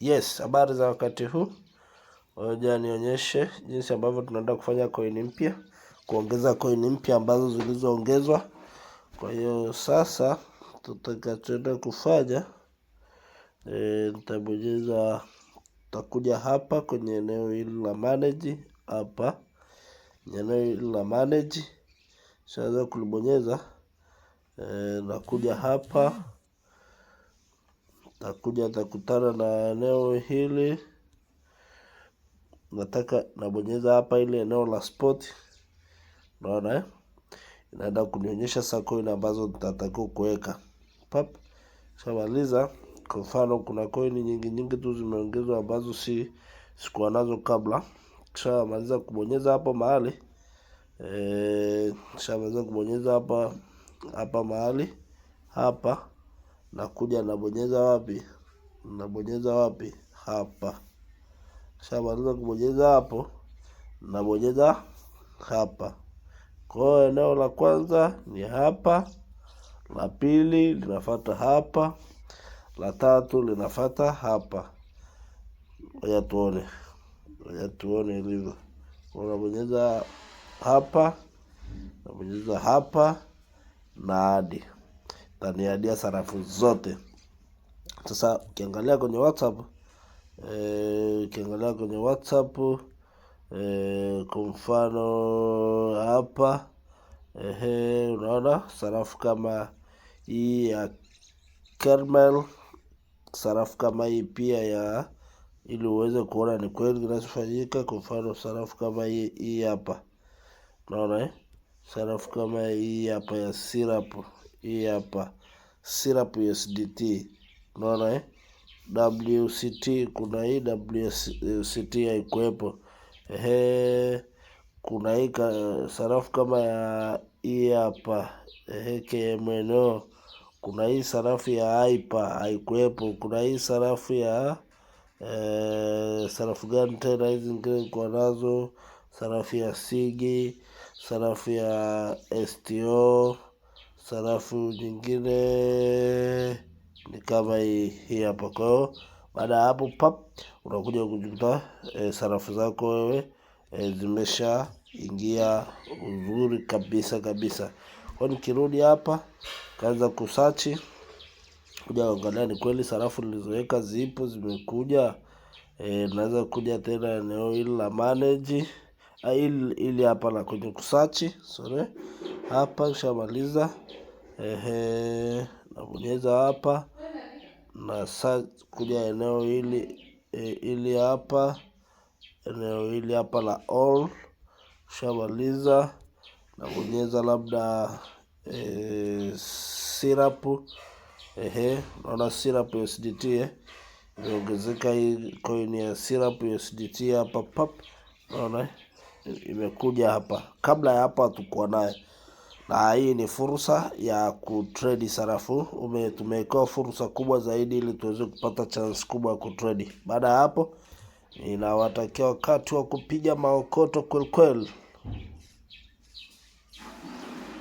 Yes, habari za wakati huu. Ngoja nionyeshe jinsi ambavyo tunaenda kufanya coin mpya, kuongeza coin mpya ambazo zilizoongezwa. Kwa hiyo sasa tutakachoenda kufanya e, nitabonyeza, tutakuja hapa kwenye eneo hili la manage. Hapa kwenye eneo hili la manage, sasa kulibonyeza e, eh, nakuja hapa takuja takutana na eneo hili, nataka nabonyeza hapa ile eneo la spot, unaona eh? inaenda kunionyesha sasa coin ambazo nitatakiwa kuweka pap. Shamaliza. Kwa mfano, kuna coin nyingi nyingi tu zimeongezwa ambazo si sikuwa nazo kabla. Kisha maliza kubonyeza hapo mahali eh, kisha kubonyeza hapa hapa mahali hapa nakuja nabonyeza wapi? Nabonyeza wapi? Hapa. Kishamaliza kubonyeza hapo, nabonyeza hapa. Kwa hiyo eneo la kwanza ni hapa, la pili linafata hapa, la tatu linafata hapa. Ngoja tuone, ngoja tuone ilivyo. Unabonyeza hapa, unabonyeza hapa na hadi taniadia sarafu zote. Sasa ukiangalia kwenye WhatsApp e, ukiangalia kwenye WhatsApp e, kwa mfano hapa ehe, unaona sarafu kama hii ya Carmel, sarafu kama hii pia ya ili uweze kuona ni kweli kinachofanyika. Kwa mfano sarafu kama hii hii hapa, unaona eh, sarafu kama hii hapa ya sirapu hii e hapa syrup USDT, unaona eh? WCT kuna hii WCT haikuwepo, ehe, kuna hii sarafu kama ya hii e hapa ehe, KMNO. Kuna hii sarafu ya ipa haikuwepo. Kuna hii sarafu ya e, sarafu gani tena hizi zingine kwa nazo, sarafu ya sigi, sarafu ya STO sarafu nyingine ni kama hii, hapa. Kwa hiyo baada ya hapo pap, unakuja kujikuta e, sarafu zako wewe e, zimesha ingia uzuri kabisa kabisa. Kwa nikirudi hapa, kaanza kusachi kuja kuangalia ni kweli sarafu nilizoweka zipo zimekuja. E, naweza kuja tena eneo hili la manage ili hapa la kwenye kusachi sorry hapa, kishamaliza ehe, nabonyeza hapa na search kuja eneo hili e, ili hapa eneo hili hapa la all. Kishamaliza nabonyeza labda e, syrup ehe, naona syrup USDT eh imeongezeka hii coin ya syrup USDT hapa pap, naona imekuja hapa. Kabla ya hapa hatukuwa naye na hii ni fursa ya kutredi sarafu. Tumewekewa fursa kubwa zaidi ili tuweze kupata chance kubwa ya kutredi. Baada ya hapo, ninawatakia wakati wa kupiga maokoto kwelikweli.